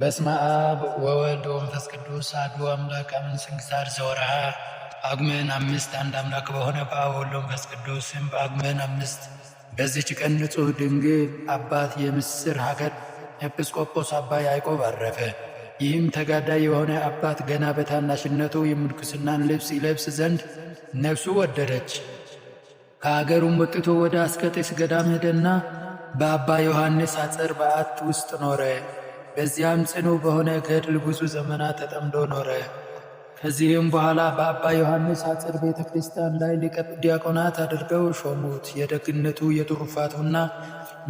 በስመ አብ ወወልድ ወመንፈስ ቅዱስ አሐዱ አምላክ አሜን። ስንክሳር ዘወርኀ ጳጉሜን አምስት አንድ አምላክ በሆነ በአብ ወወልድ ወመንፈስ ቅዱስ ጳጉሜን አምስት በዚች ቀን ንጹሕ ድንግል አባት የምስር ሀገር ኤጲስቆጶስ አባ ያዕቆብ አረፈ። ይህም ተጋዳይ የሆነ አባት ገና በታናሽነቱ የምንኩስናን ልብስ ይለብስ ዘንድ ነፍሱ ወደደች። ከአገሩም ወጥቶ ወደ አስቄጥስ ገዳም ሄደና በአባ ዮሐንስ ሐጸር በዓት ውስጥ ኖረ። በዚያም ጽኑ በሆነ ገድል ብዙ ዘመናት ተጠምዶ ኖረ። ከዚህም በኋላ በአባ ዮሐንስ አጽር ቤተ ክርስቲያን ላይ ሊቀ ዲያቆናት አድርገው ሾሙት። የደግነቱ የትሩፋቱና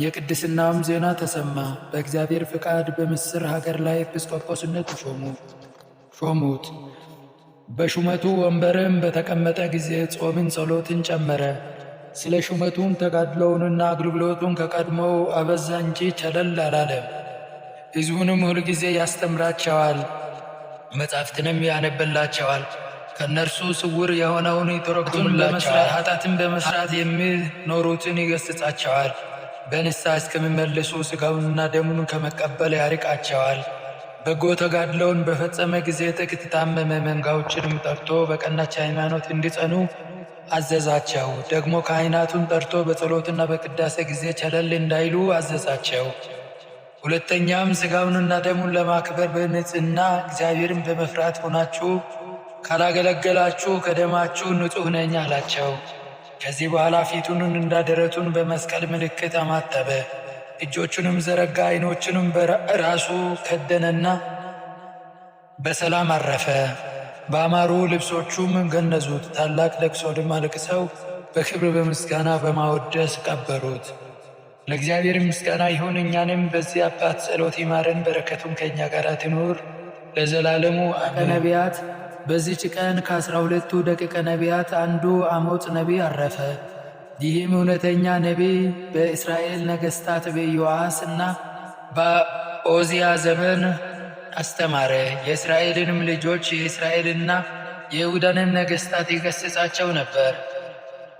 የቅድስናውም ዜና ተሰማ። በእግዚአብሔር ፍቃድ በምስር ሀገር ላይ ኤጲስቆጶስነት ሾሙት። በሹመቱ ወንበርም በተቀመጠ ጊዜ ጾምን፣ ጸሎትን ጨመረ። ስለ ሹመቱም ተጋድሎውንና አገልግሎቱን ከቀድሞው አበዛ እንጂ ቸለል አላለም። ሕዝቡንም ሁል ጊዜ ያስተምራቸዋል፣ መጻሕፍትንም ያነበላቸዋል። ከእነርሱ ስውር የሆነውን ይተረጉም ለመስራት ኃጢአትን በመስራት የሚኖሩትን ይገሥጻቸዋል። በንስሐ እስከሚመልሱ ሥጋውንና ደሙን ከመቀበል ያርቃቸዋል። በጎ ተጋድለውን በፈጸመ ጊዜ ጥቂት ታመመ፣ መንጋዎችንም ጠርቶ በቀናች ሃይማኖት እንዲጸኑ አዘዛቸው። ደግሞ ካህናቱን ጠርቶ በጸሎትና በቅዳሴ ጊዜ ቸለል እንዳይሉ አዘዛቸው። ሁለተኛም ሥጋውንና ደሙን ለማክበር በንጽሕና እግዚአብሔርን በመፍራት ሆናችሁ ካላገለገላችሁ ከደማችሁ ንጹሕ ነኝ አላቸው። ከዚህ በኋላ ፊቱን እንዳደረቱን በመስቀል ምልክት አማተበ። እጆቹንም ዘረጋ፣ ዓይኖቹንም በራሱ ከደነና በሰላም አረፈ። በአማሩ ልብሶቹም ገነዙት። ታላቅ ለቅሶ ድማ ልቅሰው በክብር በምስጋና በማወደስ ቀበሩት። ለእግዚአብሔር ምስጋና ይሁን። እኛንም በዚህ አባት ጸሎት ይማረን፣ በረከቱም ከእኛ ጋር ትኑር ለዘላለሙ ነቢያት በዚች ቀን ከአስራ ሁለቱ ደቂቀ ነቢያት አንዱ አሞጽ ነቢይ አረፈ። ይህም እውነተኛ ነቢይ በእስራኤል ነገሥታት በኢዮአስ እና በኦዚያ ዘመን አስተማረ። የእስራኤልንም ልጆች የእስራኤልና የይሁዳንም ነገሥታት ይገሥጻቸው ነበር።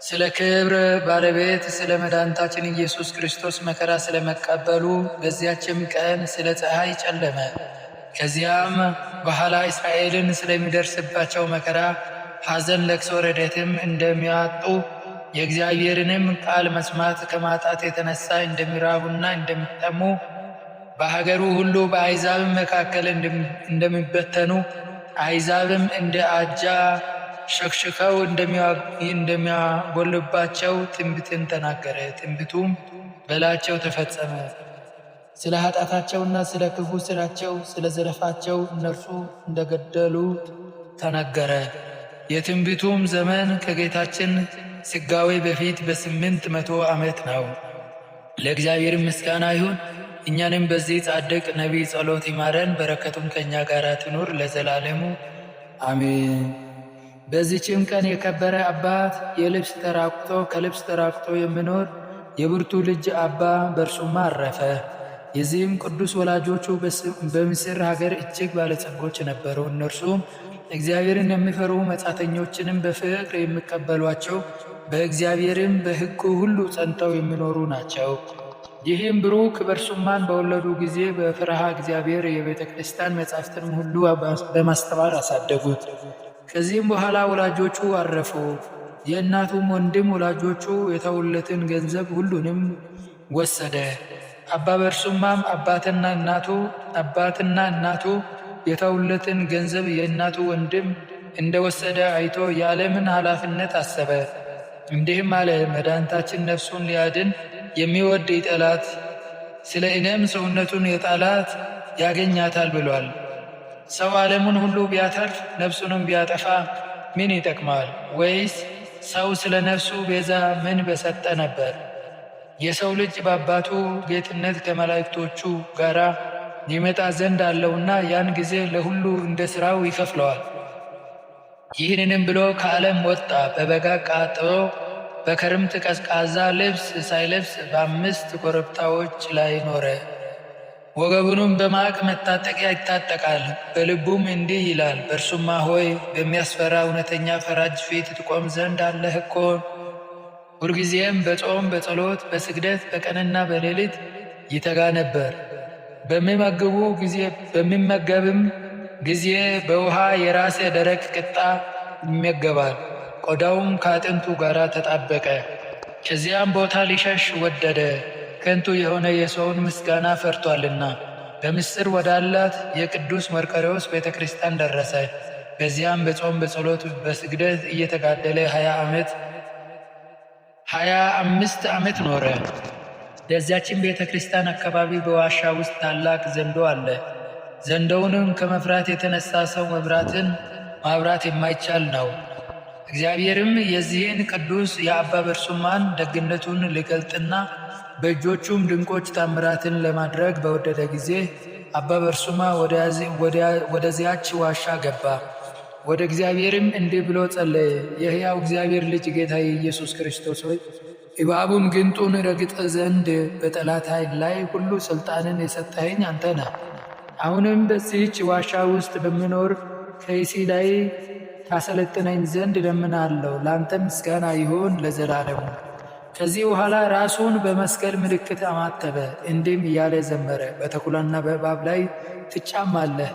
ስለ ክብረ ባለቤት ስለ መድኃኒታችን ኢየሱስ ክርስቶስ መከራ ስለመቀበሉ በዚያችም ቀን ስለ ፀሐይ ጨለመ። ከዚያም በኋላ እስራኤልን ስለሚደርስባቸው መከራ ሐዘን፣ ለቅሶ፣ ረደትም እንደሚያጡ የእግዚአብሔርንም ቃል መስማት ከማጣት የተነሳ እንደሚራቡና እንደሚጠሙ በሀገሩ ሁሉ በአይዛብም መካከል እንደሚበተኑ አይዛብም እንደ አጃ ሸክሽከው እንደሚያጎልባቸው ትንቢትን ተናገረ። ትንቢቱም በላቸው ተፈጸመ። ስለ ኃጢአታቸውና ስለ ክፉ ስራቸው፣ ስለ ዘረፋቸው እነርሱ እንደገደሉ ተነገረ። የትንቢቱም ዘመን ከጌታችን ስጋዌ በፊት በስምንት መቶ ዓመት ነው። ለእግዚአብሔር ምስጋና ይሁን። እኛንም በዚህ ጻድቅ ነቢይ ጸሎት ይማረን። በረከቱም ከእኛ ጋር ትኑር ለዘላለሙ አሜን። በዚህችም ቀን የከበረ አባት የልብስ ተራቁቶ ከልብስ ተራቁቶ የሚኖር የብርቱ ልጅ አባ በእርሱም አረፈ። የዚህም ቅዱስ ወላጆቹ በምስር ሀገር እጅግ ባለጸጎች ነበሩ። እነርሱም እግዚአብሔርን የሚፈሩ መጻተኞችንም በፍቅር የሚቀበሏቸው በእግዚአብሔርም በሕጉ ሁሉ ጸንተው የሚኖሩ ናቸው። ይህም ብሩክ በርሱማን በወለዱ ጊዜ በፍርሃ እግዚአብሔር የቤተ ክርስቲያን መጻሕፍትንም ሁሉ በማስተማር አሳደጉት። ከዚህም በኋላ ወላጆቹ አረፉ። የእናቱም ወንድም ወላጆቹ የተውለትን ገንዘብ ሁሉንም ወሰደ። አባ በርሱማም አባትና እናቱ አባትና እናቱ የተውለትን ገንዘብ የእናቱ ወንድም እንደወሰደ አይቶ የዓለምን ኃላፊነት አሰበ። እንዲህም አለ፣ መድኃኒታችን ነፍሱን ሊያድን የሚወድ ጠላት ስለ እኔም ሰውነቱን የጣላት ያገኛታል ብሏል። ሰው ዓለሙን ሁሉ ቢያተርፍ ነፍሱንም ቢያጠፋ ምን ይጠቅማል? ወይስ ሰው ስለ ነፍሱ ቤዛ ምን በሰጠ ነበር? የሰው ልጅ በአባቱ ጌትነት ከመላእክቶቹ ጋር ይመጣ ዘንድ አለውና ያን ጊዜ ለሁሉ እንደ ሥራው ይከፍለዋል። ይህንንም ብሎ ከዓለም ወጣ። በበጋ ቃጥሎ በክረምት ቀዝቃዛ ልብስ ሳይለብስ በአምስት ኮረብታዎች ላይ ኖረ። ወገቡንም በማቅ መታጠቂያ ይታጠቃል። በልቡም እንዲህ ይላል፣ በእርሱማ ሆይ በሚያስፈራ እውነተኛ ፈራጅ ፊት ትቆም ዘንድ አለህ እኮ። ሁልጊዜም በጾም በጸሎት በስግደት በቀንና በሌሊት ይተጋ ነበር። በሚመግቡ ጊዜ በሚመገብም ጊዜ በውሃ የራሰ ደረቅ ቅጣ ይመገባል። ቆዳውም ከአጥንቱ ጋር ተጣበቀ። ከዚያም ቦታ ሊሸሽ ወደደ። ከንቱ የሆነ የሰውን ምስጋና ፈርቷልና በምስጢር ወዳላት የቅዱስ መርቆሬዎስ ቤተ ክርስቲያን ደረሰ። በዚያም በጾም በጸሎት በስግደት እየተጋደለ ሀያ ዓመት ሀያ አምስት ዓመት ኖረ። ለዚያችን ቤተ ክርስቲያን አካባቢ በዋሻ ውስጥ ታላቅ ዘንዶ አለ። ዘንዶውንም ከመፍራት የተነሳ ሰው መብራትን ማብራት የማይቻል ነው። እግዚአብሔርም የዚህን ቅዱስ የአባ በርሱማን ደግነቱን ልገልጥና በእጆቹም ድንቆች ታምራትን ለማድረግ በወደደ ጊዜ አባ በርሱማ ወደዚያች ዋሻ ገባ። ወደ እግዚአብሔርም እንዲህ ብሎ ጸለየ። የሕያው እግዚአብሔር ልጅ ጌታ የኢየሱስ ክርስቶስ ሆይ እባቡን ግንጡን ረግጠ ዘንድ በጠላት ኃይል ላይ ሁሉ ሥልጣንን የሰጠኸኝ አንተ ነህ። አሁንም በዚህች ዋሻ ውስጥ በምኖር ከይሲ ላይ ታሰለጥነኝ ዘንድ እለምናለሁ። ለአንተ ምስጋና ይሁን ለዘላለሙ። ከዚህ በኋላ ራሱን በመስቀል ምልክት አማተበ፣ እንዲህም እያለ ዘመረ። በተኩላና በእባብ ላይ ትጫማለህ፣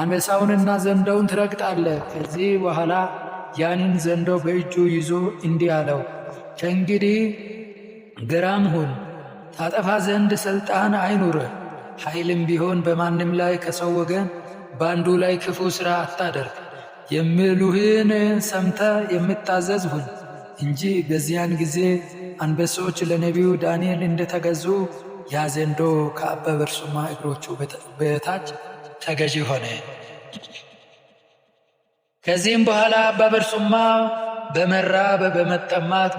አንበሳውንና ዘንዶውን ትረግጣለህ። ከዚህ በኋላ ያንን ዘንዶ በእጁ ይዞ እንዲህ አለው፣ ከእንግዲህ ግራም ሁን፣ ታጠፋ ዘንድ ሥልጣን አይኑርህ። ኃይልም ቢሆን በማንም ላይ ከሰው ወገን በአንዱ ላይ ክፉ ሥራ አታደርግ። የሚሉህን ሰምተ የምታዘዝ ሁን እንጂ በዚያን ጊዜ አንበሶች ለነቢዩ ዳንኤል እንደተገዙ ያ ዘንዶ ከአባ በርሱማ እግሮቹ በታች ተገዢ ሆነ። ከዚህም በኋላ አባ በርሱማ በመራብ በመጠማት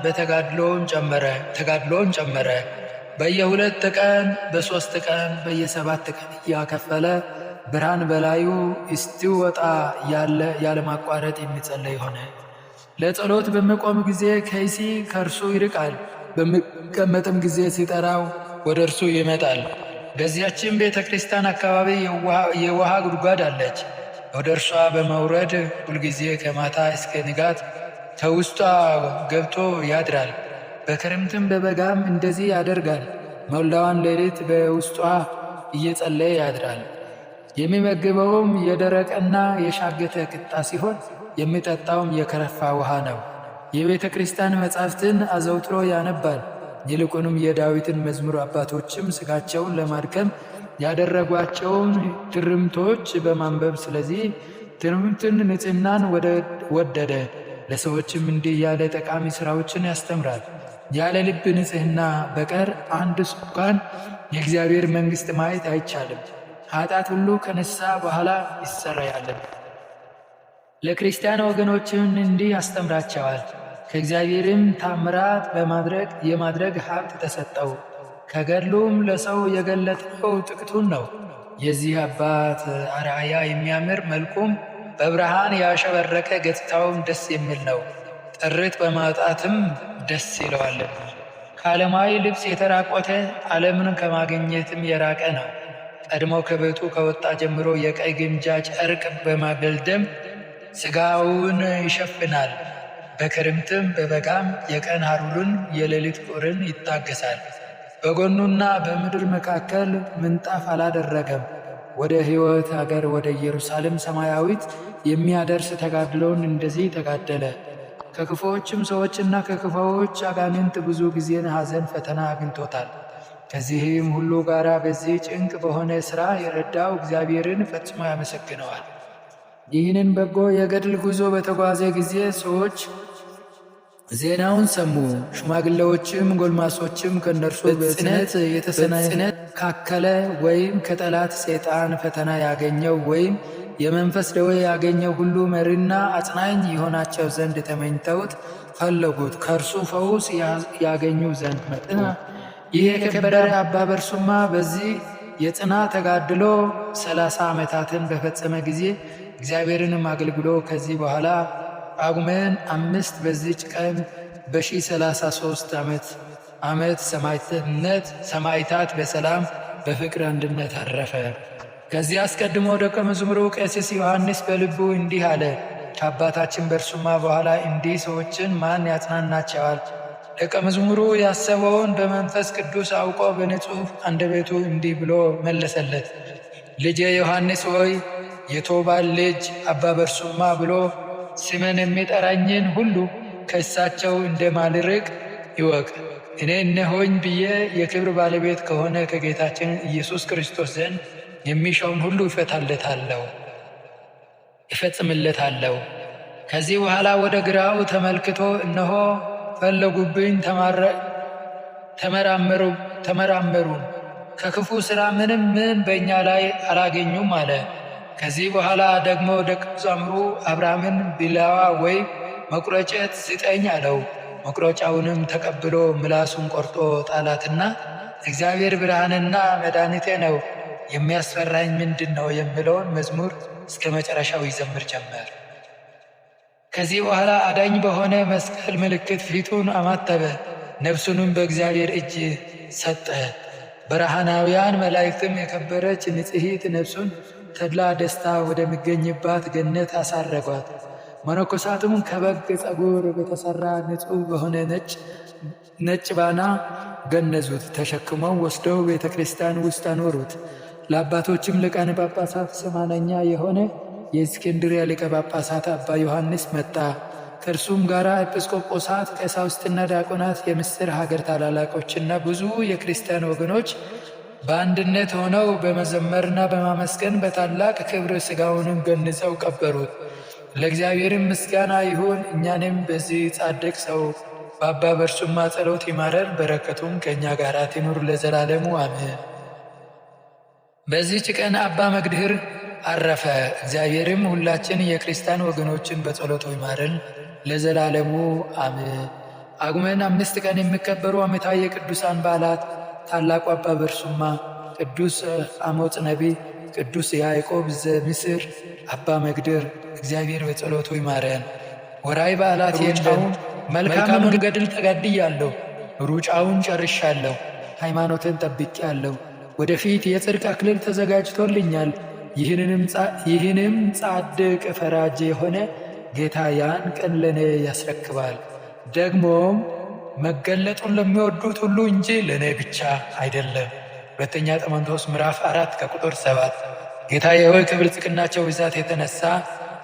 ተጋድሎን ጨመረ። በየሁለት ቀን በሦስት ቀን በየሰባት ቀን እያከፈለ ብርሃን በላዩ እስቲወጣ ያለ ያለማቋረጥ የሚጸለይ ሆነ። ለጸሎት በምቆም ጊዜ ከይሲ ከእርሱ ይርቃል፣ በምቀመጥም ጊዜ ሲጠራው ወደ እርሱ ይመጣል። በዚያችን ቤተ ክርስቲያን አካባቢ የውሃ ጉድጓድ አለች። ወደ እርሷ በመውረድ ሁልጊዜ ከማታ እስከ ንጋት ከውስጧ ገብቶ ያድራል። በክረምትም በበጋም እንደዚህ ያደርጋል። መላዋን ሌሊት በውስጧ እየጸለየ ያድራል። የሚመግበውም የደረቀና የሻገተ ቅጣ ሲሆን የሚጠጣውም የከረፋ ውሃ ነው። የቤተ ክርስቲያን መጻሕፍትን አዘውትሮ ያነባል። ይልቁንም የዳዊትን መዝሙር አባቶችም ሥጋቸውን ለማድከም ያደረጓቸውን ትርምቶች በማንበብ ስለዚህ ትርምትን ንጽህናን ወደደ። ለሰዎችም እንዲህ ያለ ጠቃሚ ሥራዎችን ያስተምራል። ያለ ልብ ንጽህና በቀር አንድ ስኳን የእግዚአብሔር መንግሥት ማየት አይቻልም። ኃጢአት ሁሉ ከነሳ በኋላ ይሰረያል። ለክርስቲያን ወገኖችም እንዲህ ያስተምራቸዋል። ከእግዚአብሔርም ታምራት በማድረግ የማድረግ ሀብት ተሰጠው። ከገድሉም ለሰው የገለጠው ጥቂቱን ነው። የዚህ አባት አርአያ የሚያምር መልኩም በብርሃን ያሸበረቀ ገጽታውም ደስ የሚል ነው። ጥርት በማውጣትም ደስ ይለዋል። ከዓለማዊ ልብስ የተራቆተ ዓለምን ከማግኘትም የራቀ ነው። ቀድሞ ከቤቱ ከወጣ ጀምሮ የቀይ ግምጃ ጨርቅ በማገልደም ሥጋውን ይሸፍናል። በክርምትም በበጋም የቀን ሐሩርን የሌሊት ቁርን ይታገሳል። በጎኑና በምድር መካከል ምንጣፍ አላደረገም። ወደ ሕይወት አገር ወደ ኢየሩሳሌም ሰማያዊት የሚያደርስ ተጋድሎውን እንደዚህ ተጋደለ። ከክፉዎችም ሰዎችና ከክፉዎች አጋንንት ብዙ ጊዜን ሐዘን ፈተና አግኝቶታል። ከዚህም ሁሉ ጋር በዚህ ጭንቅ በሆነ ሥራ የረዳው እግዚአብሔርን ፈጽሞ ያመሰግነዋል። ይህንን በጎ የገድል ጉዞ በተጓዘ ጊዜ ሰዎች ዜናውን ሰሙ። ሽማግሌዎችም ጎልማሶችም ከእነርሱ በጽነት የተሰናካከለ ወይም ከጠላት ሰይጣን ፈተና ያገኘው ወይም የመንፈስ ደዌ ያገኘው ሁሉ መሪና አጽናኝ የሆናቸው ዘንድ ተመኝተውት ፈለጉት፣ ከእርሱ ፈውስ ያገኙ ዘንድ መጥና ይህ የከበረ አባ በርሱማ በዚህ የጽና ተጋድሎ ሰላሳ ዓመታትን በፈጸመ ጊዜ እግዚአብሔርንም አገልግሎ ከዚህ በኋላ ጳጉሜን አምስት በዚች ቀን በ1033 ዓመት ዓመት ሰማዕትነት ሰማዕታት በሰላም በፍቅር አንድነት አረፈ። ከዚህ አስቀድሞ ደቀ መዝሙሩ ቀሲስ ዮሐንስ በልቡ እንዲህ አለ፣ ከአባታችን በእርሱማ በኋላ እንዲህ ሰዎችን ማን ያጽናናቸዋል? ደቀ መዝሙሩ ያሰበውን በመንፈስ ቅዱስ አውቆ በንጹሕ አንደበቱ እንዲህ ብሎ መለሰለት፣ ልጄ ዮሐንስ ሆይ የቶባል ልጅ አባ በርሱማ ብሎ ስምን የሚጠራኝን ሁሉ ከእሳቸው እንደማልርቅ ይወቅ። እኔ እነሆኝ ብዬ የክብር ባለቤት ከሆነ ከጌታችን ኢየሱስ ክርስቶስ ዘንድ የሚሻውን ሁሉ ይፈታለታለሁ ይፈጽምለታለሁ። ከዚህ በኋላ ወደ ግራው ተመልክቶ እነሆ ፈለጉብኝ፣ ተመራመሩን፣ ከክፉ ሥራ ምንም ምን በእኛ ላይ አላገኙም አለ። ከዚህ በኋላ ደግሞ ደቀ መዝሙሩ አብርሃምን ቢላዋ ወይም መቁረጨት ስጠኝ አለው። መቁረጫውንም ተቀብሎ ምላሱን ቆርጦ ጣላትና እግዚአብሔር ብርሃንና መድኃኒቴ ነው፣ የሚያስፈራኝ ምንድን ነው የሚለውን መዝሙር እስከ መጨረሻው ይዘምር ጀመር። ከዚህ በኋላ አዳኝ በሆነ መስቀል ምልክት ፊቱን አማተበ፣ ነፍሱንም በእግዚአብሔር እጅ ሰጠ። በረሃናውያን መላእክትም የከበረች ንጽሕት ነፍሱን ተድላ ደስታ ወደሚገኝባት ገነት አሳረጓት። መነኮሳቱም ከበግ ጸጉር በተሠራ ንጹሕ በሆነ ነጭ ባና ገነዙት። ተሸክመው ወስደው ቤተ ክርስቲያን ውስጥ አኖሩት። ለአባቶችም ሊቃነ ጳጳሳት ሰማነኛ የሆነ የእስክንድርያ ሊቀ ጳጳሳት አባ ዮሐንስ መጣ። ከእርሱም ጋር ኤጲስቆጶሳት፣ ቀሳውስትና ዲያቆናት፣ የምስር ሀገር ታላላቆችና ብዙ የክርስቲያን ወገኖች በአንድነት ሆነው በመዘመርና በማመስገን በታላቅ ክብር ሥጋውንም ገንጸው ቀበሩት። ለእግዚአብሔርም ምስጋና ይሁን። እኛንም በዚህ ጻድቅ ሰው በአባ በርሱማ ጸሎት ይማረን፣ በረከቱም ከእኛ ጋር ትኑር ለዘላለሙ አሜን። በዚህች ቀን አባ መግድህር አረፈ። እግዚአብሔርም ሁላችን የክርስቲያን ወገኖችን በጸሎቱ ይማረን ለዘላለሙ አሜን። አጉመን አምስት ቀን የሚከበሩ ዓመታዊ የቅዱሳን በዓላት ታላቁ አባ በርሱማ፣ ቅዱስ አሞጽ ነቢይ፣ ቅዱስ ያዕቆብ ዘምስር፣ አባ መግድር፣ እግዚአብሔር በጸሎቱ ይማረን። ወራይ በዓላት የለም። መልካም መንገድን ተጋድያለሁ፣ ሩጫውን ጨርሻለሁ፣ ሃይማኖትን ጠብቄአለሁ። ወደፊት የጽድቅ አክሊል ተዘጋጅቶልኛል። ይህንም ጻድቅ ፈራጅ የሆነ ጌታ ያን ቀን ለእኔ ያስረክባል። ደግሞም መገለጡን ለሚወዱት ሁሉ እንጂ ለእኔ ብቻ አይደለም። ሁለተኛ ጢሞቴዎስ ምዕራፍ አራት ከቁጥር ሰባት ጌታ የሆይ ከብልጽግናቸው ብዛት የተነሳ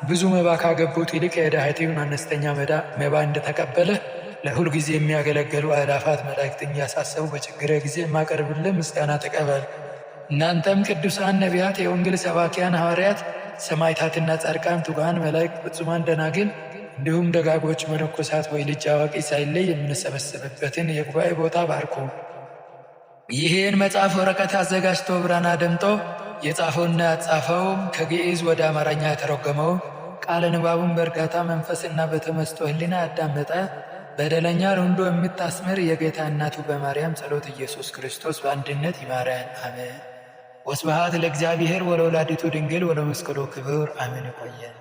ብዙ መባ ካገቡት ይልቅ የዳህቲውን አነስተኛ መባ እንደተቀበለ ለሁል ጊዜ የሚያገለግሉ አእላፋት መላእክትን እያሳሰቡ በችግረ ጊዜ የማቀርብልህ ምስጋና ተቀበል። እናንተም ቅዱሳን ነቢያት፣ የወንጌል ሰባኪያን ሐዋርያት፣ ሰማዕታትና ጻድቃን፣ ትጉሃን መላእክት፣ ፍጹማን ደናግል እንዲሁም ደጋጎች መነኮሳት ወይ ልጅ አዋቂ ሳይለይ የምንሰበሰብበትን የጉባኤ ቦታ ባርኩ። ይህን መጽሐፍ ወረቀት አዘጋጅቶ ብራና ደምጦ የጻፈውና ያጻፈውም ከግዕዝ ወደ አማርኛ የተረጎመው ቃለ ንባቡን በእርጋታ መንፈስና በተመስጦ ሕሊና ያዳመጠ በደለኛ ርንዶ የምታስምር የጌታ እናቱ በማርያም ጸሎት ኢየሱስ ክርስቶስ በአንድነት ይማረን፣ አሜን። ወስብሐት ለእግዚአብሔር ወለወላዲቱ ድንግል ወለመስቀሉ ክቡር፣ አሜን። ይቆየን።